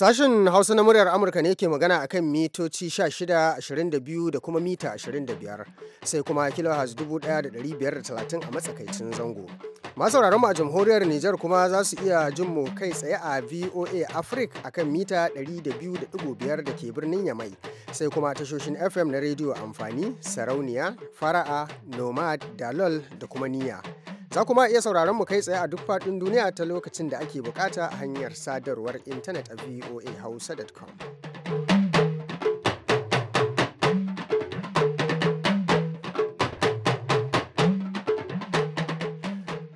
Sashen Hausa na muryar Amurka ne ke magana a kan mitoci 16, 22 da kuma mita 25, sai kuma kilohaz 1530 a matsakaicin zango. Masu mu a jamhuriyar Nijar kuma za su iya jin mu kai tsaye a VOA Africa a kan mita 200.5 da ke birnin Yamai, sai kuma tashoshin FM na rediyo amfani, sarauniya, fara'a, nomad, dalol da kuma niyya. Za kuma iya sauraron mu kai tsaye a duk faɗin duniya ta lokacin da ake bukata a hanyar sadarwar intanet a voahausa.com.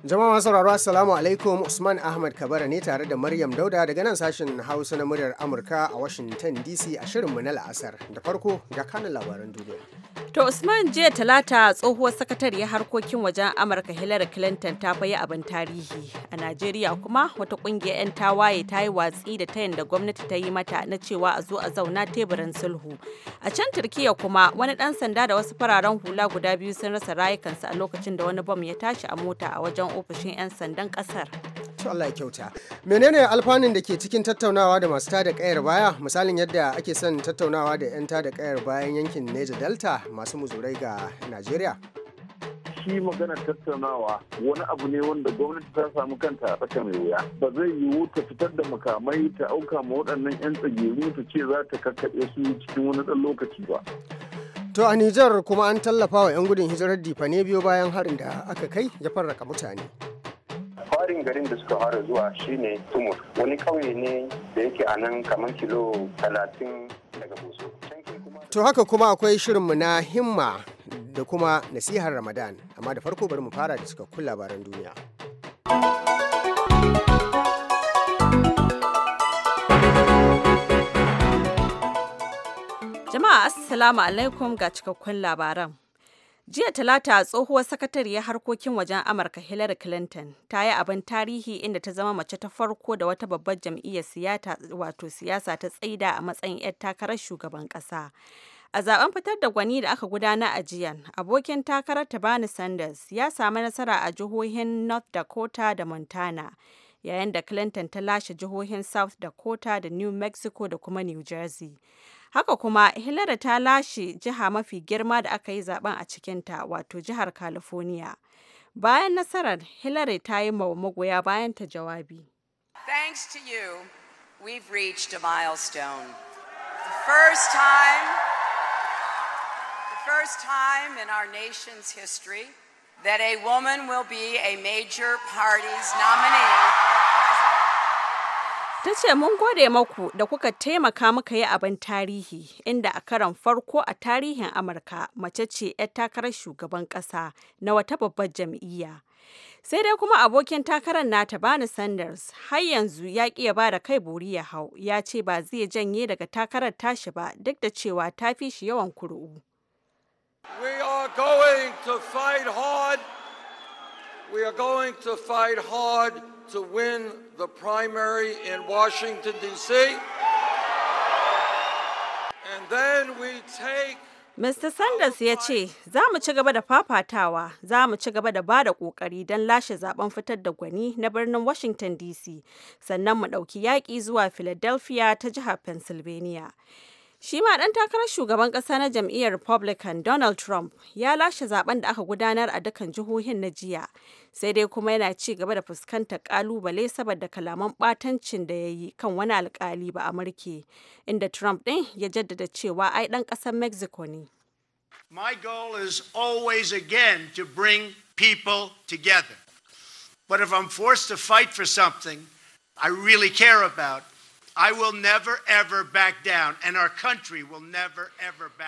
Jama'a sauraro Assalamu alaikum Usman Ahmad Kabara ne tare da Maryam Dauda daga nan sashen Hausa na muryar Amurka a Washington DC a shirin mu na la'asar. Da farko ga kanin labaran duniya. To Usman jiya talata tsohuwar sakatariyar harkokin wajen Amurka Hillary Clinton ta fayi abin tarihi. A Najeriya kuma wata kungiyar 'yan tawaye ta yi watsi da tayin da gwamnati ta yi mata na cewa a zo a zauna teburin sulhu. A can Turkiya kuma wani dan sanda da wasu fararen hula guda biyu sun rasa rayukansu a lokacin da wani bom ya tashi a mota a wajen ofishin 'yan sandan kasar. Allah ya kyauta. Menene alfanun da ke cikin tattaunawa da masu tada kayar baya? Misalin yadda ake son tattaunawa da 'yan tada kayar bayan yankin niger Delta masu muzurai ga Najeriya. shi maganar tattaunawa wani abu ne wanda gwamnati ta samu kanta a mai wuya ba zai yiwu ta fitar da makamai ta auka ma waɗannan 'yan tsageru ta ce za ta kakkaɓe su cikin wani ɗan lokaci ba To a Nijar kuma an tallafa wa 'yan gudun hijirar difane biyo bayan harin da aka kai ya farraka mutane. farin garin da suka fara zuwa shine Tumur, wani kauye ne da yake a nan kamar kilo 30 daga Boso. To haka kuma akwai shirinmu na himma da kuma nasihar Ramadan, amma da farko bari mu fara da suka labaran duniya. Jama'a Assalamu alaikum ga cikakkun labaran. Jiya Talata tsohuwar sakatariyar harkokin wajen Amurka Hillary Clinton ta yi abin tarihi inda ta zama mace ta farko da wata babbar jam'iyyar siyasa wato siyasa ta tsaida a matsayin 'yar takarar shugaban ƙasa. A zaben fitar da gwani da aka gudana a jiya, abokin takarar ta Bernie Sanders ya samu nasara a jihohin North Dakota da Montana, yayin da Clinton ta lashe jihohin South Dakota da New Mexico da kuma New Jersey. Haka kuma, Hillary ta lashe jiha mafi girma da aka yi zaben a cikinta, wato jihar California. Bayan nasarar, Hillary ta yi ma magoya ta jawabi. Thanks to you, we've reached a milestone. The first time, the first time in our nation's history that a woman will be a major party's nominee. ta ce mun gode maku da kuka taimaka muka yi abin tarihi inda a karon farko a tarihin amurka mace ce 'yar takarar shugaban ƙasa na wata babbar jam'iyya sai dai kuma abokin takarar nata bani sanders har yanzu ya ƙi ya ba da kai buri ya hau ya ce ba zai janye daga takarar tashi ba duk da cewa ta fi shi yawan kuru'u we are going to we are going to fight hard to win the primary in Washington, D.C. And then we take Mr. Sanders ya ce, "Za mu ci gaba da fafatawa, za mu ci gaba da ba da ƙoƙari don lashe zaben fitar da gwani na birnin Washington DC, sannan mu ɗauki yaƙi zuwa Philadelphia ta jihar Pennsylvania." Shi ma ɗan takarar shugaban ƙasa na jam'iyyar Republican Donald Trump ya lashe zaben da aka gudanar a dukkan jihohin na jiya, sai dai kuma yana ci gaba da fuskantar ƙalubale saboda kalaman ɓatancin da ya yi kan wani alƙali ba a mulki, inda Trump ɗin ya jaddada cewa ai ɗan ƙasar Mexico ne. My goal is always again to bring people together. But if I'm forced to fight for something I really care about, I will will never never ever ever back back down down. and our country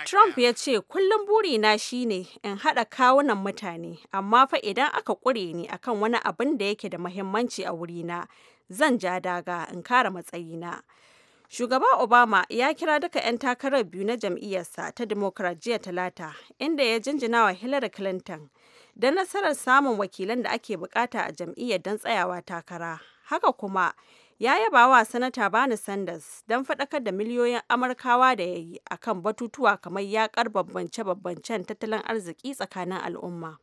Trump ya ce kullum buri burina shine in haɗa kawunan mutane, amma fa idan aka ƙure ni akan wani abin da yake da mahimmanci a wuri na zan ja daga in kare matsayina. Shugaba Obama ya kira duka 'yan takarar biyu na jam'iyyarsa ta Democrat jiya Talata, inda ya jinjina wa Hillary Clinton da nasarar samun wakilan da ake bukata a jam'iyyar don tsayawa takara. Haka kuma, ya yaba wa sanata bani Sanders don faɗakar da miliyoyin Amurkawa da ya yi kan batutuwa kamar yakar babbance-babbancen tattalin arziki tsakanin al'umma.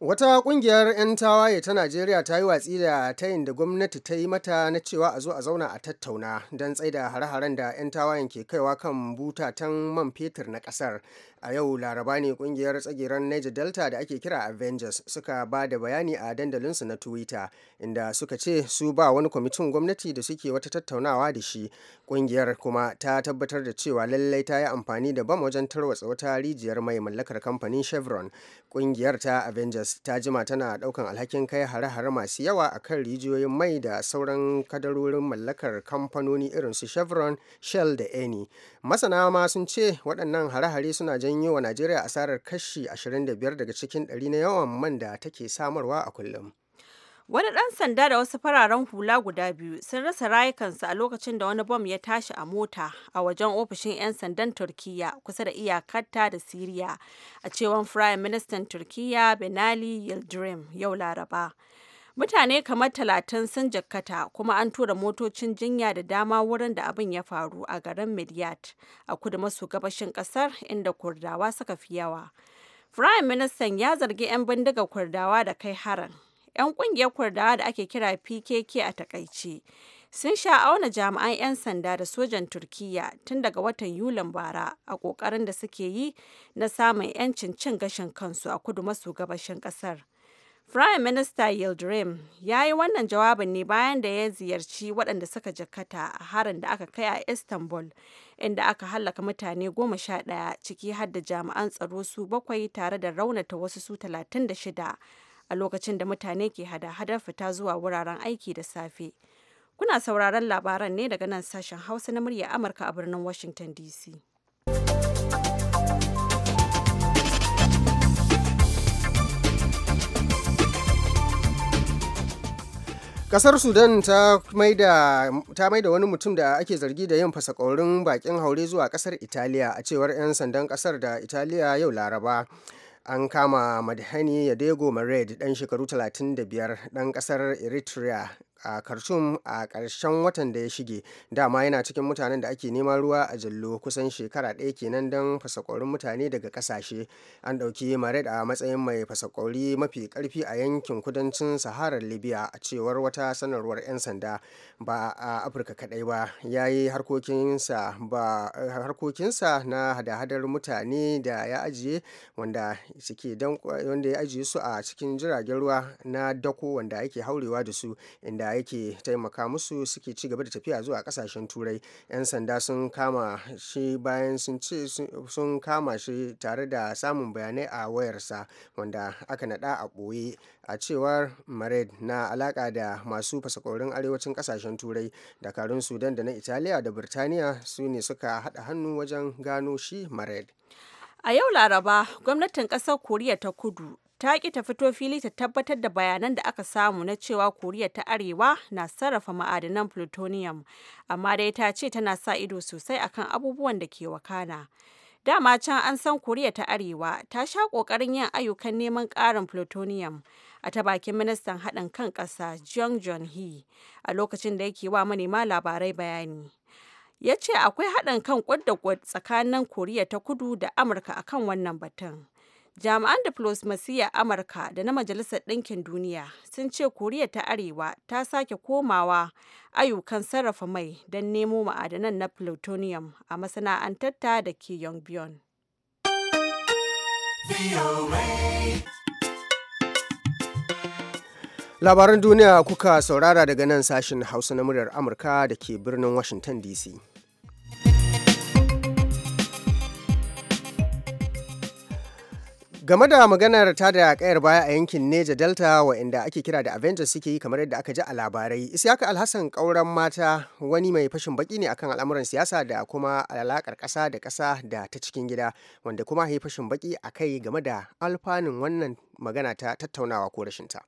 Wata kungiyar 'yan tawaye ta Najeriya ta yi watsi da tayin da gwamnati ta yi mata na cewa a zo a zauna a tattauna don tsaida hare-haren da 'yan tawayen ke kaiwa kan butatan man fetur na kasar. a yau laraba ne kungiyar tsagiran niger delta da ake kira avengers suka ba da bayani a dandalinsu na twitter inda suka ce su ba wani kwamitin gwamnati da suke wata tattaunawa da shi kungiyar kuma ta tabbatar da cewa lallai ta yi amfani da bam wajen tarwatsa wata rijiyar mai mallakar kamfanin chevron kungiyar ta avengers ta jima tana daukan alhakin kai hare-hare masu yawa a kan rijiyoyin mai da sauran kadarorin mallakar kamfanoni irin su chevron shell da eni masana ma sun ce waɗannan hare-hare suna jan sun yi wa najeriya asarar kashi 25 daga cikin 100 na yawan man da take samarwa a kullum wani ɗan sanda da wasu fararen hula guda biyu sun rasa rayukansu a lokacin da wani bom ya tashi a mota a wajen ofishin 'yan sandan turkiyya kusa da iyakarta da siriya a cewar firayim ministan turkiya benali yildirim yau laraba mutane kamar talatin sun jakkata kuma an tura motocin jinya da dama wurin da abin ya faru a garin midyat a kudu maso gabashin kasar inda kurdawa suka fi yawa firayim ministan ya zargi 'yan bindiga kurdawa da kai harin 'yan kungiyar kurdawa da ake kira pkk a takaice sun sha auna jami'an 'yan sanda da sojan turkiya tun daga watan yulin bara a kokarin da suke yi na samun 'yancin cin gashin kansu a kudu maso gabashin kasar Prime Minister Yildirim ya yi wannan jawabin ne bayan da ya ziyarci waɗanda suka jakata a harin da aka kai a Istanbul, inda aka hallaka mutane goma sha ɗaya ciki har da jami'an tsaro su bakwai tare da raunata wasu su talatin da shida a lokacin da mutane ke hada-hadar fita zuwa wuraren aiki da safe. Kuna sauraron labaran ne daga nan sashen Hausa na murya Amurka a birnin Washington DC. kasar sudan ta maida wani mutum da ake zargi da yin fasakorin bakin haure zuwa kasar italiya a cewar 'yan sandan kasar da italiya yau laraba an kama madhani yadego mared dan shekaru 35 dan kasar eritrea a khartoum a ƙarshen watan da ya shige dama yana cikin mutanen da ake neman ruwa a jallo kusan shekara ɗaya kenan don fasakwarin mutane daga ƙasashe an ɗauki mared a matsayin mai fasakwari mafi ƙarfi a yankin kudancin saharar libya a cewar wata sanarwar 'yan sanda ba a afirka kaɗai ba ya yi harkokinsa na hada-hadar mutane da ya ajiye wanda ya ajiye su a cikin jiragen ruwa na dako wanda ake haurewa da su inda yake taimaka musu suke ci gaba da tafiya zuwa kasashen turai 'yan sanda sun kama shi bayan sun ce sun kama shi tare da samun bayanai a wayarsa wanda aka nada a ɓoye a cewar mared na alaka da masu fasakorin arewacin kasashen turai dakarun sudan da na italiya da birtaniya su ne suka haɗa hannu wajen gano shi mared a yau laraba gwamnatin ƙasar koriya ta kudu ta ƙi ta fito fili ta tabbatar da bayanan da aka samu na cewa koriya ta arewa na sarrafa ma'adanan plutonium amma dai ta ce tana sa ido sosai akan abubuwan da ke wakana dama can an san koriya ta arewa ta sha ƙoƙarin yin ayyukan neman ƙarin plutonium a ta bakin ministan haɗin kan ƙasa jung john hee a lokacin da yake wa manema labarai bayani ya ce akwai haɗin kan kwad tsakanin koriya ta kudu da amurka akan wannan batun jami'an a amurka da na majalisar ɗinkin duniya sun ce koriya ta arewa ta sake komawa ayyukan sarrafa mai don nemo ma'adanan na plutonium a masana'antar ta da ke yongbyon labaran duniya kuka saurara daga nan sashen hausa na muryar amurka da ke birnin washington dc game da maganar ta da kayar baya a yankin neja delta wa'inda ake kira da avengers suke yi kamar yadda aka ji a labarai isiyaka alhassan kauran mata wani mai fashin baki ne akan al'amuran siyasa da kuma alakar kasa da kasa da ta cikin gida wanda kuma ya fashin baki a kai game da alfanun wannan magana ta tattaunawa ko rashin ta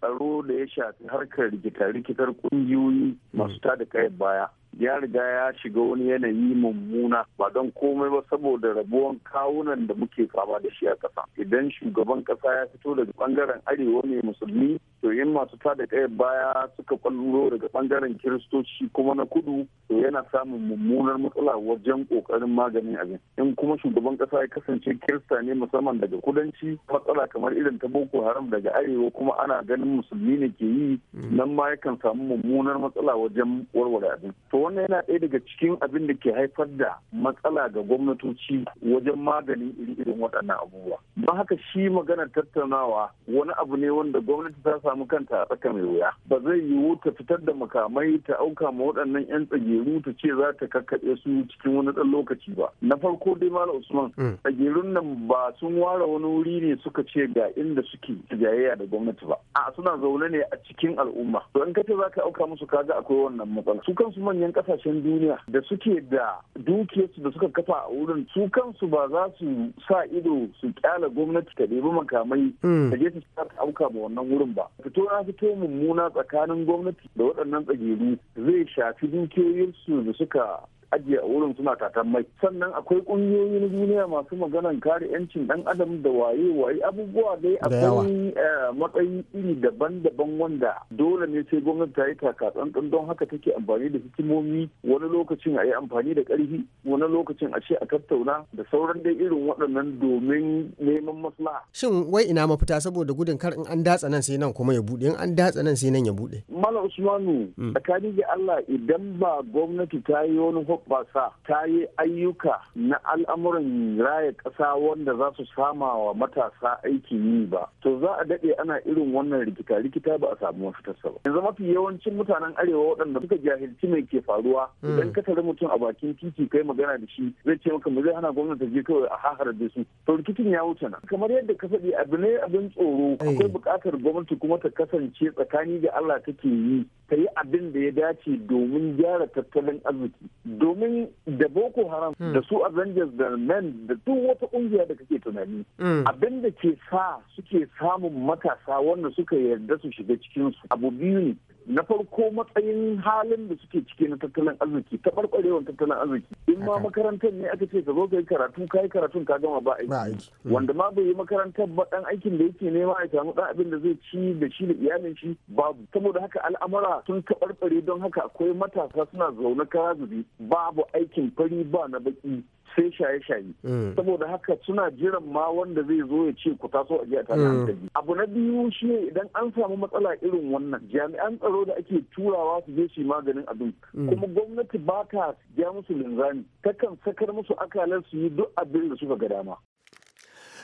tsaro da ya shafi harkar rikita rikitar kungiyoyi masu mm. tada kayan baya ya riga ya shiga wani yanayi mummuna ba don komai ba saboda rabuwan kawunan da muke fama da shi a ƙasa idan shugaban ƙasa ya fito daga bangaren arewa ne musulmi to yin masu tada kayan baya suka kwallo daga bangaren kiristoci kuma na kudu to yana samun mummunar matsala wajen kokarin maganin abin in kuma shugaban ƙasa ya kasance kirista ne musamman daga kudanci matsala kamar irin ta boko haram daga arewa kuma ana ganin musulmi ne ke yi mm. nan ma yakan samu mummunar matsala wajen warware abin wannan yana ɗaya daga cikin abin da ke haifar da matsala ga gwamnatoci wajen maganin iri-irin waɗannan abubuwa don haka shi maganar tattaunawa wani abu ne wanda gwamnati ta samu kanta a tsaka mai wuya ba zai yiwu ta fitar da makamai ta auka ma waɗannan 'yan tsageru ta ce za ta kakkaɓe su cikin wani ɗan lokaci ba na farko dai malam usman mm. tsagerun nan ba sun ware wani wuri ne suka ce ga inda suke jayayya da gwamnati ba a suna zaune ne a cikin al'umma to in ka ce za ka auka musu kaga akwai wannan matsala su kansu manya manyan kasashen duniya da suke da dukiyarsu da suka kafa a wurin su kansu ba za su sa ido su kyala gwamnati ta ɗebi makamai da hmm. je su sa auka ba wannan wurin ba fito na fito mummuna tsakanin gwamnati da waɗannan tsageru zai shafi dukiyoyinsu da suka ajiye a wurin suna tatan mai sannan akwai kungiyoyi na duniya masu maganan kare yancin dan adam da waye waye abubuwa dai akwai eh, matsayi iri daban-daban wanda dole ne sai gwamnati ta yi takatsantsan don haka take amfani da hikimomi wani lokacin a yi amfani da karfi wani lokacin a ce a tattauna da sauran dai irin waɗannan domin neman maslaha. Shin wai ina mafita saboda gudun kar in an datsa nan sai nan kuma ya buɗe in an datsa nan sai nan ya buɗe. Malam Usmanu mm. tsakani da Allah idan ba gwamnati ta yi wani hoɓɓasa ta yi ayyuka na al'amuran raya ƙasa wanda za su sama wa matasa aikin yi ba to za a daɗe ana irin wannan rikita rikita ba a samu mafitarsa ba yanzu mafi yawancin mutanen arewa waɗanda suka jahilci mai ke faruwa hmm. idan ka tare mutum a bakin titi kai magana da shi zai ce maka mu zai hana gwamnati je kawai a hahar da su to rikicin ya wuce na kamar yadda ka faɗi abu ne abin tsoro eh. akwai buƙatar gwamnati kuma ta kasance tsakani da Allah take yi ta yi abin da ya dace domin gyara tattalin arziki domin da boko haram hmm. da su avengers da men da duk wata kungiya da kake tunani hmm. abinda ke sa suke samun matasa wanda suka yarda su shiga cikin su abu biyu ne na farko matsayin halin da suke ciki na tattalin arziki ta barbarewar tattalin arziki in ma makarantar ne aka ce ka zo ka yi karatu ka yi karatun ka gama ba aiki hmm. wanda ma bai yi makarantar ba dan aikin da yake nema ya samu dan abin da zai ci da shi da iyalin shi babu saboda haka al'amura sun taɓarɓare don haka akwai matasa suna zaune kara babu aikin fari ba na baki sai shaye-shaye mm. saboda haka suna jiran ma wanda zai zo ya ce ku taso a jiya tare mm. hankali abu na biyu shi ne idan an samu matsala irin wannan jami'an tsaro da ake turawa su je su maganin abin mm. kuma gwamnati ba ta ja musu linzami takan sakar musu akalar su yi duk abin da suka ga dama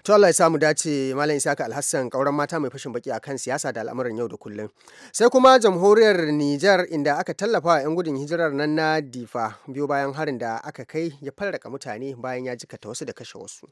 to Allah ya samu dace malam Isaka Alhassan kauran mata mai fashin baki akan siyasa da al'amuran yau da kullum sai kuma jamhuriyar niger inda aka tallafa wa 'yan gudun hijirar nan na Difa biyo bayan harin da aka kai ya farraka mutane bayan ya jikata wasu da kashe wasu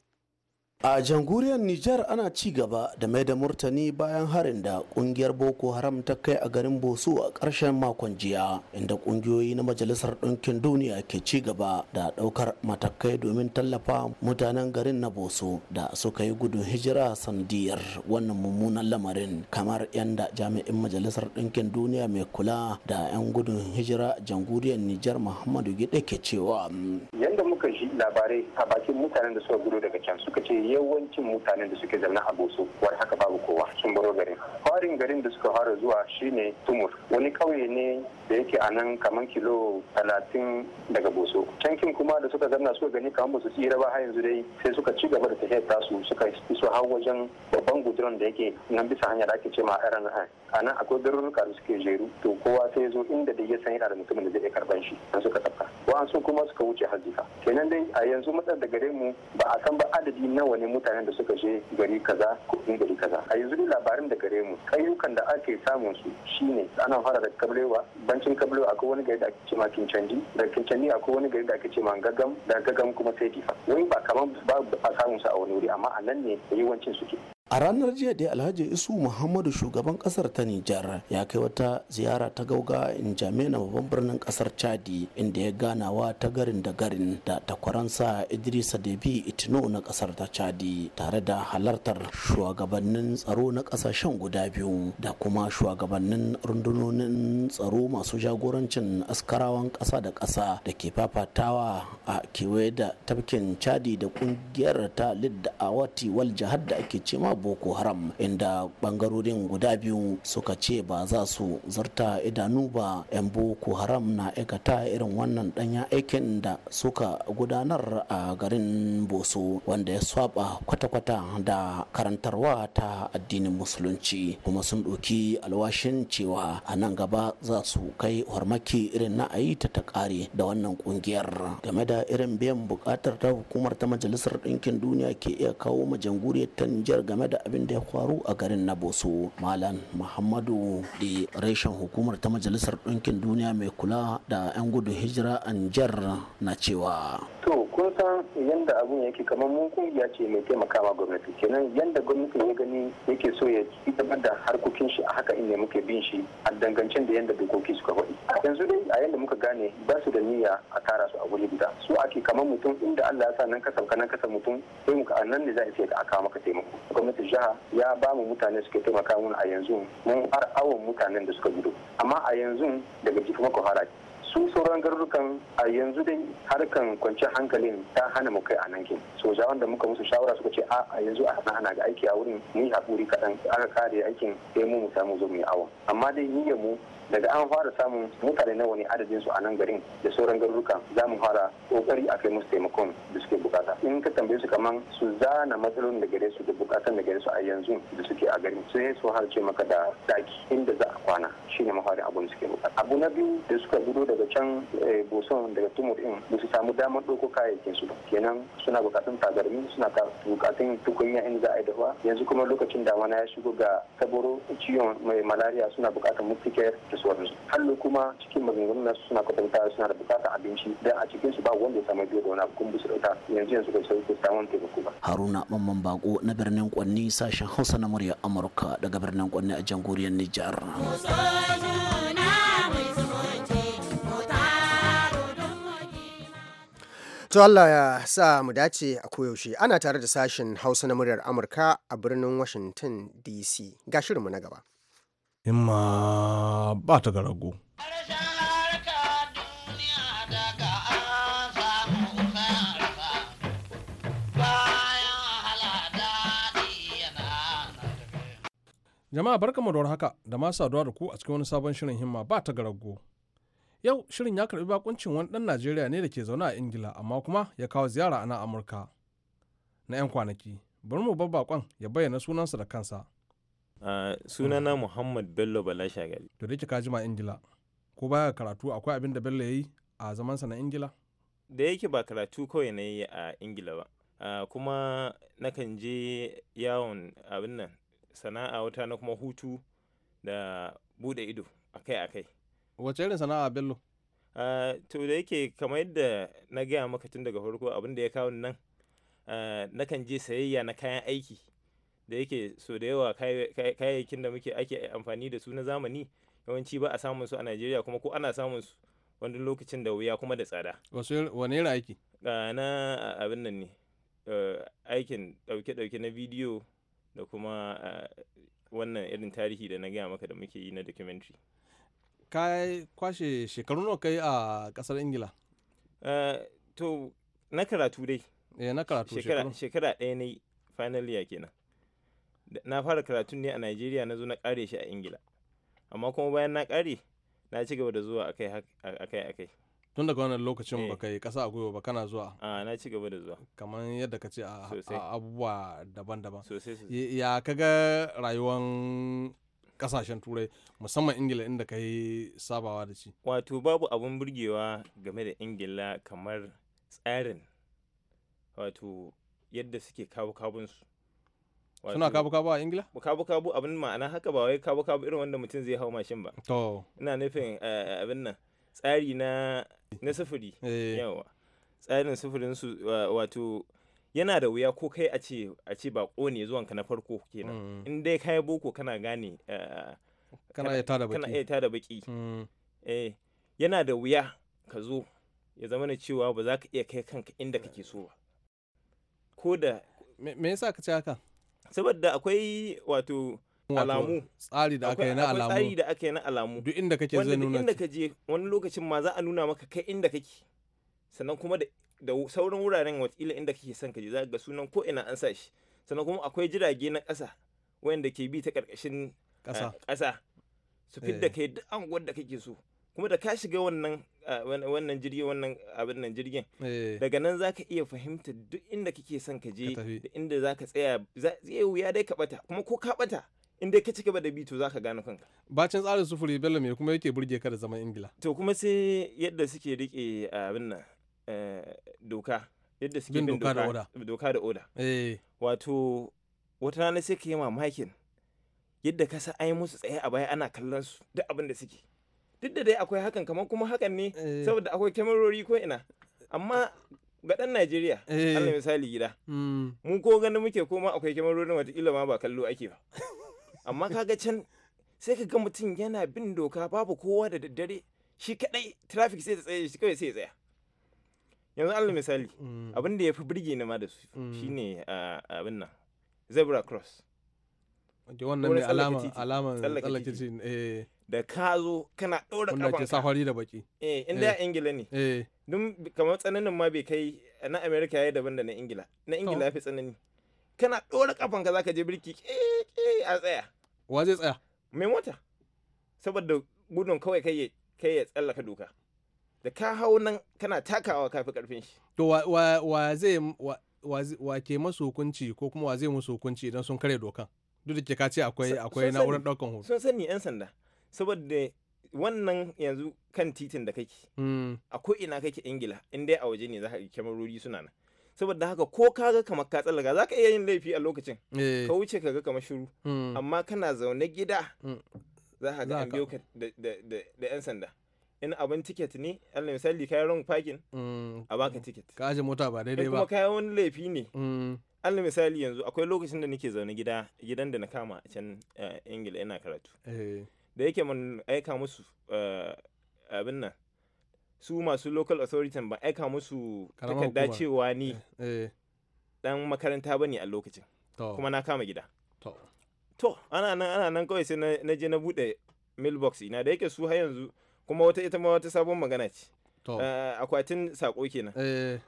a jamhuriyar nijar ana ci gaba da mai da murtani bayan harin da kungiyar boko haram ta kai a garin boso a ƙarshen makon jiya inda kungiyoyi na majalisar ɗinkin duniya ke ci gaba da ɗaukar matakai domin tallafa mutanen garin na boso da suka yi gudun hijira sandiyar wannan mummunan lamarin kamar yadda jami'in majalisar ɗinkin duniya mai kula da 'yan gudun hijira jamhuriyar nijar muhammadu gide ke cewa yadda muka ji labarai a bakin mutanen da suka gudu daga can suka ce yawancin mutanen da suke zaune a boso wai haka babu kowa sun baro garin farin garin da suka fara zuwa shine tumur wani kauye ne da yake a nan kamar kilo talatin daga boso cankin kuma da suka zamna suka gani kamar basu tsira ba har yanzu dai sai suka ci gaba da tafiyar tasu suka iso har wajen babban guduran da yake nan bisa hanya da ake ce ma irin a nan akwai garuruka da suke jeru to kowa sai zo inda da ya san yana da mutumin da zai karban shi an suka tafka Wansu kuma suka wuce har kenan dai a yanzu matsar da gare mu ba a san ba adadi nawa ne mutanen da suka je gari kaza in gari kaza a yanzu labarin da gare mu ayyukan da ake samun su shine ana fara da kablewa bancin kablewa akwai wani gari da ake ce ma kincandi da kincandi akwai wani gari da ake ce ma gagam da gagam kuma sai difa wani ba kaman ba a samun su a wani wuri amma a nan ne yawancin suke a ranar jiya daya alhaji isu muhammadu shugaban kasar ta nijar ya kai wata ziyara ta gauga in na babban birnin kasar chadi inda ya ganawa ta garin da garin da takwaransa idrisa debi itino na kasar ta chadi tare da halartar shugabannin tsaro na kasashen guda biyu da kuma shugabannin rundunonin tsaro masu jagorancin askarawan kasa da kasa da ke fafatawa a kewaye da tafkin chadi da kungiyar ta lidda awati wal jihad da ake cema boko haram inda bangarorin guda biyu suka ce ba za su zarta idanu ba 'yan boko haram na aikata irin wannan 'danya aikin da suka gudanar a garin boso wanda ya saba kwata-kwata da karantarwa ta addinin musulunci kuma sun ɗoki alwashin cewa a nan gaba za su kai farmaki irin na ayi ta ta kare da wannan kungiyar game da irin biyan bukatar ta hukumar ta majalisar ɗinkin duniya ke iya kawo ma jamhuriyar ta nijar game da abin da ya kwaru a garin na boso malam muhammadu da reshen hukumar ta majalisar ɗinkin duniya mai kula da 'yan gudun hijira a nijar na cewa to kun san yadda abin yake kamar mun kungiya ce mai taimaka ma gwamnati kenan yadda gwamnati ya gani yake so ya tabbatar da harkokin shi a haka inda muke bin shi a dangancin da yadda dokoki suka faɗi yanzu dai a yadda muka gane ba su da niyya a tara su a wuri guda su ake kamar mutum inda Allah ya sa nan ka sauka nan ka mutum sai muka a nan ne za a ce ka aka maka taimako gwamnati jiha ya ba mu mutane suke taimaka mun a yanzu mun har awon mutanen da suka gudu amma a yanzu daga jikin mako su sauran garurukan a yanzu dai harkan kwanciyar hankalin ta hana mu kai a nan kin sojawan da muka musu shawara suka ce a yanzu a hana ana ga aiki a wurin ni haƙuri kaɗan aka kare aikin sai mu samu zo mu yi awon amma dai niyyar mu daga an fara samun mutane nawa ne adadin su a nan garin da sauran garurukan za mu fara kokari a kai musu taimakon da suke bukata in ka tambaye su kaman su zana matsalolin da gare su da bukatan da gare su a yanzu da suke a garin sai su harce maka da daki inda za a kwana shine mafarin abun da suke bukata abu na biyu da suka gudo daga daga can eh, boson daga tumur din ba su samu damar ɗauko kayayyakin su kenan suna bukatun tagarmi suna bukatun tukunya in za a yi dafa yanzu kuma lokacin damana ya shigo ga taboro ciwon mai malaria suna bukatun mustikar da sauransu hallo kuma cikin maganganun nasu suna kwatanta suna da bukatun abinci dan a cikin su ba wanda ya samu biyo da wani abu su yanzu yanzu ba su samun taimako ba. haruna mamman bako na birnin kwanni sashen hausa na murya amurka daga birnin kwanni a jamhuriyar nijar. To Allah ya sa mu dace a koyaushe ana tare da sashen Hausa na muryar Amurka a birnin Washington DC. Ga shirinmu na gaba. Himma ba ta garago. Jama'a barkamu da haka da masu saduwa da ku a cikin wani sabon shirin himma ba ta garago Yau shirin ya karbi bakuncin wani dan Najeriya ne da ke zaune a Ingila amma kuma ya kawo ziyara a nan Amurka na 'yan kwanaki. Bari mu bar bakon ya bayyana sunansa da kansa. Ah, sunana Muhammad Bello Balashagari. To da ka jima Ingila. Ko baya karatu akwai abin da Bello ya yi a zamansa na Ingila? Da yake ba karatu kawai na yi a Ingila ba. kuma ah, kuma nakan je yawon abin nan sana'a wata na kuma hutu da bude ido akai-akai. wace irin sana'a bello to da yake kamar yadda na gaya maka tun daga farko abin da ya kawo nan na kan je sayayya na kayan aiki da yake so da yawa kayayyakin da muke ake amfani da su na zamani yawanci ba a samun su a Najeriya kuma ko ana samun su wani lokacin da wuya kuma da tsada. Wasu wane aiki? Na abin nan ne aikin ɗauke-ɗauke na bidiyo da kuma wannan irin tarihi da na gaya maka da muke yi na documentary. ka kwashe shekaru nawa kai a kasar ingila eh, to na karatu dai eh na karatu shekara shekara ɗaya ne final year kenan na fara karatun ne a Najeriya na zo na kare shi a Ingila amma kuma bayan na kare na ci gaba da zuwa akai akai akai tun daga wannan lokacin baka eh. yi kasa a gwiwa ba kana zuwa a na ci gaba da zuwa kamar yadda ka ce a abubuwa daban-daban sosai ya kaga rayuwan kasashen turai musamman ingila inda ka yi sabawa da shi wato babu abun burgewa game da ingila kamar tsarin wato yadda suke kabu kabunsu suna kabu kabu a ingila kabu kabu abin ma'ana haka ba wai kabu kabu irin wanda mutum zai hau mashin ba to ina nufin eh, abin nan tsari na na sufuri eh. yawa tsarin sufurin su wato yana da wuya ko kai a ce a ce bako ne zuwanka na farko kenan mm. in dai ka yi boko kana gane eh, kana iya tada baki kana iya tada baki mm. eh yana da wuya ka zo ya zama na cewa ba za ka iya kai kanka inda kake so ba ko da me yasa ka ce haka saboda akwai wato alamu tsari da aka yi na alamu tsari da aka yi na alamu duk inda kake zai nuna wanda inda ka je wani lokacin ma za a nuna maka kai inda kake sannan kuma da da sauran wuraren watakila inda kake son ka je za ga sunan ko ina an sa shi sannan kuma akwai jirage na ƙasa wanda ke bi ta ƙarƙashin ƙasa ah, su fidda eh. kai duk an da kake so kuma da ka shiga wannan ah, wannan jirgin wannan abin nan jirgin eh. daga nan za ka iya fahimta duk inda kake son ka je da inda za ka tsaya zai wuya dai ka bata kuma ko ka bata in dai ka ci gaba da bito za ka gano kanka bacin tsarin sufuri bello me kuma yake burge ka da zaman ingila to kuma sai yadda suke rike ah, abin nan Eh, doka yadda suke bin doka da oda doka eh. wato wata rana sai ka yi mamakin yadda ka sa ai musu tsaye a baya ana kallon su duk abin da suke duk da dai akwai hakan kamar kuma hakan ne eh. saboda akwai kyamarori ko ina amma ga ɗan Najeriya Allah misali gida hmm. mu ko gani muke koma akwai kyamarorin watakila ma ba kallo ake ba amma kaga can sai ka ga mutum yana bin doka babu kowa da daddare shi kaɗai traffic sai ta tsaye shi kawai sai ya tsaya yanzu alal misali mm. abin da ya fi birge ni ma da su mm. shine abin nan zebra cross da wannan mai alama alama tsallake titi eh. da ka zo kana ɗora ƙafanka wanda ke safari da baki eh inda ya eh. ingila ne eh dun kamar tsananin ma bai kai na america yayi daban da na ingila na ingila ya fi tsanani kana ɗora za zaka je birki eh a tsaya wa zai tsaya mai mota saboda gudun kawai kai ya tsallaka doka da ka hau nan kana takawa kafi karfin shi to wa zai wa ke masu hukunci ko kuma wa zai musu hukunci idan sun kare dokan duk da ke ka ce akwai akwai na'urar daukan hoto sun sani yan sanda saboda wannan yanzu kan titin da kake hmm. a ko ina kake ingila in dai a waje ne za ka kyamarori suna nan saboda haka ko ka ga kamar ka tsallaka za ka iya yin laifi a lokacin eh. ka wuce ka ga kamar shiru hmm. amma kana zaune gida hmm. za ka ga an biyo da 'yan sanda in abin tiket ne allah misali kayan wrong parking mm. a baka tiket ka aje mota ba daidai ba kuma kayan wani laifi ne mm. allah misali yanzu akwai lokacin da nake zaune gida gidan da na kama a can eh, ingila ina karatu eh. da yake mun aika musu eh, abin nan su masu local authority ba aika musu takarda cewa ni dan makaranta bane a lokacin kuma na kama gida to ana nan ana nan kawai sai na je na bude mailbox ina da yake su har yanzu kuma wata ita ma wata sabon magana ce eh, akwatin sako kenan eh,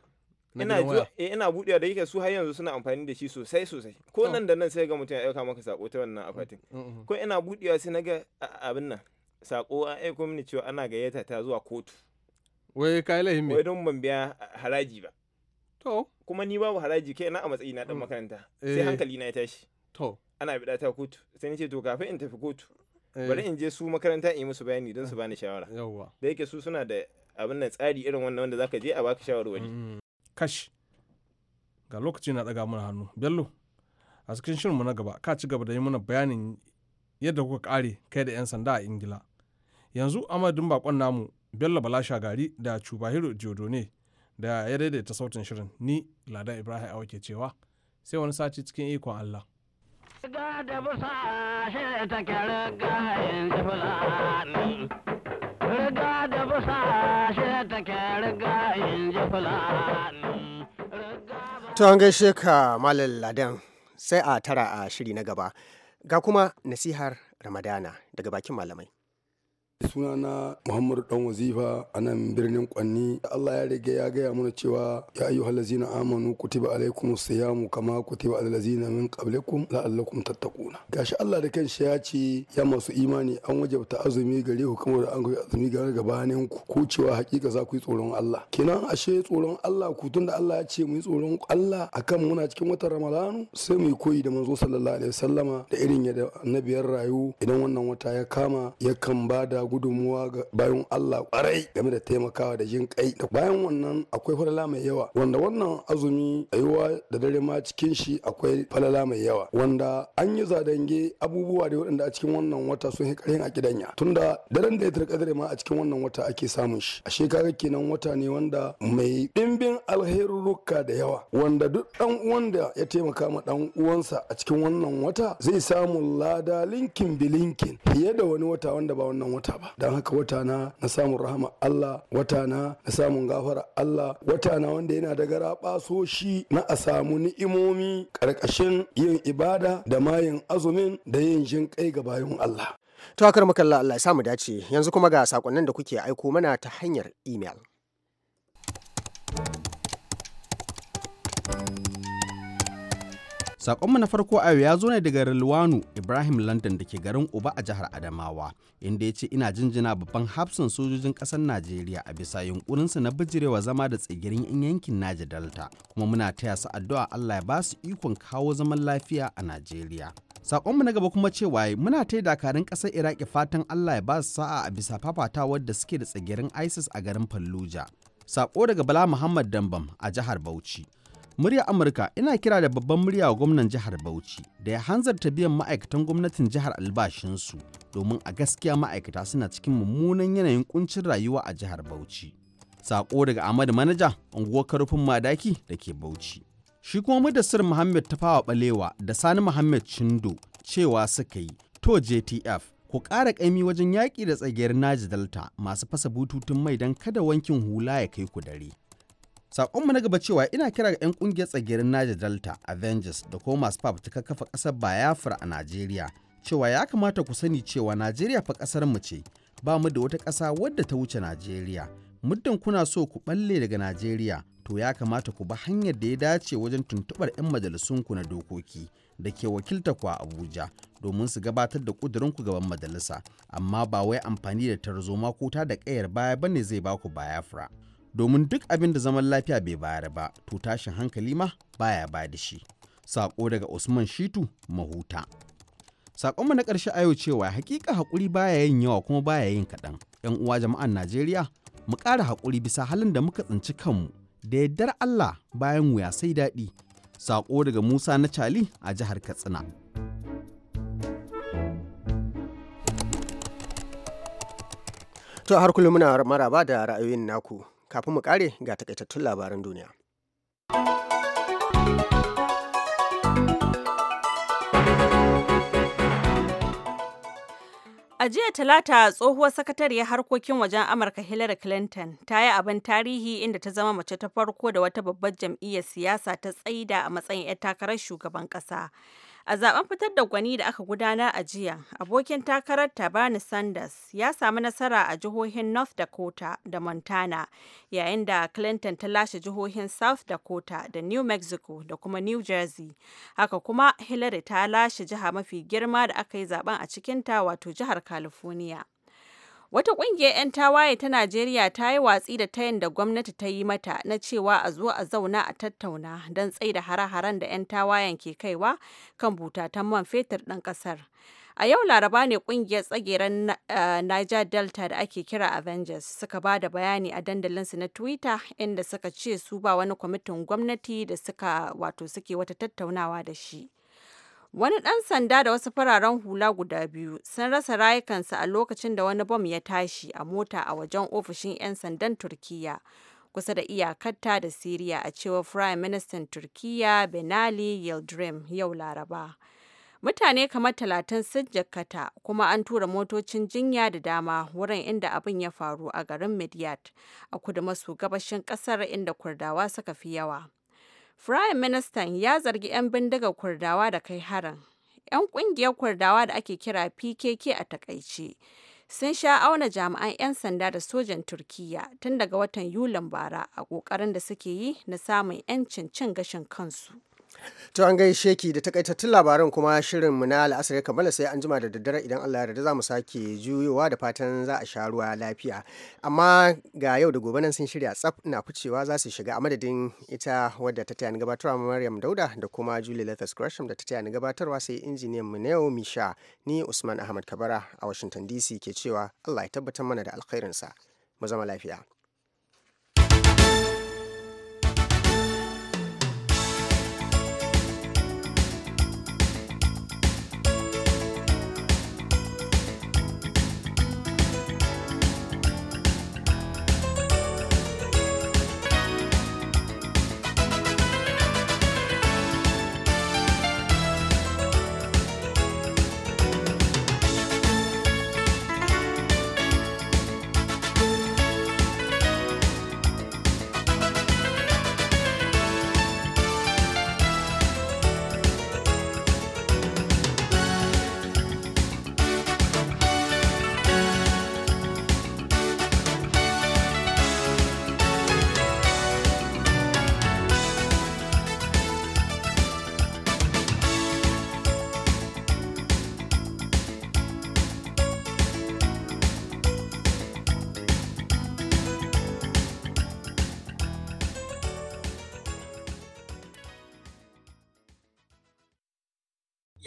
ina zuwa eh, ina buɗewa da yake su har yanzu suna amfani da shi sosai sosai ko nan da nan sai ga mutum ya aika maka sako ta wannan akwatin mm, mm, mm. ko ina buɗewa sai naga abin nan sako an aiko mini cewa ana gayyata ta zuwa kotu wai kai lahin me wai don ban biya haraji ba to kuma ni babu haraji kai na a matsayi na dan makaranta sai hankali na ya tashi to ana bida ta kotu sai ni ce to kafin in tafi kotu Eh. bari in je su makaranta in yi musu bayani don su bani shawara da yake su suna da abin nan tsari irin wannan wanda zaka je a baka shawarwari mm. kash ga lokaci na daga mana hannu bello a cikin shirin mu na gaba ka ci gaba da yi mana bayanin yadda kuka kare kai da 'yan sanda a ingila yanzu amadin bakon namu bello bala shagari da cubahiro ne da ya daidaita sautin shirin ni lada ibrahim awa ke cewa sai wani sati cikin ikon allah Ga da busa shi ta kyara gayen jifulani. Riga da busa ta kyara gayen jifulani. To an gaishe ka Malam Ladan sai a tara a shiri na gaba. Ga kuma nasihar Ramadana daga bakin malamai. sunana muhammadu dan wazifa a nan birnin kwanni allah ya riga ya gaya mana cewa ya ayyu halazina amanu kutiba alaikum siyamu kama kutiba alazina min qablikum la'allakum tattaquna gashi allah da shi ya ce ya masu imani an wajabta azumi gare ku kamar an kai azumi gare gabanin ku ko cewa hakika za ku yi tsoron allah kenan ashe tsoron allah ku tunda allah ya ce mu yi tsoron allah akan muna cikin watan ramadanu sai mu yi koyi da manzo sallallahu alaihi wasallama da irin yadda annabiyar rayu idan wannan wata ya kama yakan bada gudunmuwa ga bayan Allah kwarai game da taimakawa da jin kai bayan wannan akwai falala mai yawa wanda wannan azumi tsayuwa da dare ma cikin shi akwai falala mai yawa wanda an yi zadange abubuwa da waɗanda a cikin wannan wata sun yi ƙarfin akidanya tunda daren da ya dare ma a cikin wannan wata ake samun shi a shekara kenan wata ne wanda mai ɗimbin alherurruka da yawa wanda duk ɗan uwan ya taimaka ma ɗan uwansa a cikin wannan wata zai samu lada linkin bilinkin fiye da wani wata wanda ba wannan wata ba don haka wata na na samun rahama Allah wata na na samun gafara Allah wata na wanda yana da garaɓaso shi na a samu ni'imomi ƙarƙashin yin ibada da mayin azumin da yin jin kai ga bayan Allah to akar makalla Allah ya samu dace yanzu kuma ga sakonnin da kuke aiko mana ta hanyar email Sakonmu na farko a ya zo ne daga Rilwanu Ibrahim London da ke garin Uba a jihar Adamawa, inda ya ce ina jinjina babban hafsan sojojin ƙasar Najeriya a bisa yunkurinsu na bijirewa zama da tsigirin yan yankin Naja Delta, kuma muna taya su addu'a Allah ya ba su ikon kawo zaman lafiya a Najeriya. Sakonmu na gaba kuma cewa muna taya dakarun ƙasar Iraki fatan Allah ya ba su sa'a a bisa fafatawar da suke da tsigirin ISIS a garin Fallujah. Sako daga Bala Muhammad Dambam a jihar Bauchi. Muryar Amurka ina kira da babban murya wa gwamnan jihar Bauchi da ya hanzarta biyan ma'aikatan gwamnatin jihar albashinsu domin a gaskiya ma'aikata suna cikin mummunan yanayin kuncin rayuwa a jihar Bauchi. Sako daga Ahmad Manaja, unguwar karfin madaki da ke Bauchi. Shi kuma Mudassir Muhammad Tafawa Balewa da Sani Muhammad Chindo cewa suka yi to JTF ku ƙara ƙaimi wajen yaƙi da tsagiyar Naji Delta masu fasa bututun mai don kada wankin hula ya kai ku dare. Sakonmu na gaba cewa ina kira ga 'yan ƙungiyar tsagirin Niger Delta Avengers da kuma masu fafutuka kafa ƙasar Bayafra a Najeriya cewa ya kamata ku sani cewa Najeriya fa ƙasar mu ce ba mu da wata ƙasa wadda ta wuce Najeriya. Muddin kuna so ku balle daga Najeriya to ya kamata ku bi hanyar da ya dace wajen tuntuɓar 'yan majalisunku na dokoki da ke wakilta ku a Abuja domin su gabatar da ƙudurinku gaban majalisa amma ba wai amfani da tarzoma ko ta da ƙayar baya bane zai baku bayafra. domin duk abin da zaman lafiya bai bayar ba to tashin hankali ma baya ba da shi sako daga usman shitu mahuta mu na ƙarshe ayo cewa hakika haƙuri baya yin yawa kuma baya yin kaɗan yan uwa jama'an najeriya mu ƙara hakuri bisa halin da muka tsinci kanmu da yardar allah bayan wuya sai daɗi sako daga musa na cali a jihar katsina to har kullum muna maraba da ra'ayoyin naku kafin mu kare ga takaitattun labaran duniya. A jiya Talata tsohuwar sakatariyar harkokin wajen Amurka Hillary Clinton ta yi abin tarihi inda ta zama mace ta farko da wata babbar jam'iyyar siyasa ta tsaida a matsayin 'yar takarar shugaban ƙasa. A zaben fitar da gwani da aka gudana a jiya, abokin takarar Tabani Sanders ya samu nasara a jihohin North Dakota da Montana, yayin da Clinton ta lashe jihohin South Dakota da New Mexico da kuma New Jersey. Haka kuma Hillary ta lashe jiha mafi girma da aka yi zaben a cikinta wato jihar California. Wata ƙungiyar 'yan tawaye ta Najeriya ta yi watsi da tayin da gwamnati ta yi mata na cewa a zo a zauna a tattauna don tsaida hare-haren da 'yan tawayen ke kaiwa kan butatan man fetur ɗin ƙasar. A yau Laraba ne kungiyar tsageren eh, Niger Delta da ake kira Avengers suka ba da bayani a dandalinsu na Twitter inda suka ce su ba wani kwamitin gwamnati da suka wato suke wata tattaunawa da shi. Wani ɗan sanda da wasu fararen hula guda biyu sun rasa rayukansa a lokacin da wani bom ya tashi a mota a wajen ofishin 'yan sandan Turkiyya, kusa da iyakata da Siriya, a cewar prime minister Turkiyya Binali Yildirim yau Laraba. Mutane kamar talatin sun jakkata kuma an tura motocin jinya da dama wurin inda abin ya faru a garin Midyat a kudu maso gabashin kasar inda Kurdawa suka fi yawa. Firayim Ministan ya zargi 'yan bindigar Kurdawa da kai harin. 'Yan kungiyar Kurdawa da ake kira PKK a takaice sun sha auna jami'an 'yan sanda da sojan Turkiyya tun daga watan Yulin bara a ƙoƙarin da suke yi na samun 'yancin cin gashin kansu. To an gaishe ki da takaitattun labaran kuma shirin mu na al'asar ya kammala sai an jima da daddare idan Allah ya yarda za mu sake juyowa da fatan za a sha ruwa lafiya. Amma ga yau da gobe nan sun shirya tsaf na ficewa za su shiga a madadin ita wadda ta tayani gabatarwa Maryam Dauda da kuma Julie Lathas Gresham da ta tayani gabatarwa sai injiniyan mu Neo Misha ni Usman Ahmad Kabara a Washington DC ke cewa Allah ya tabbatar mana da alkhairinsa. Mu zama lafiya.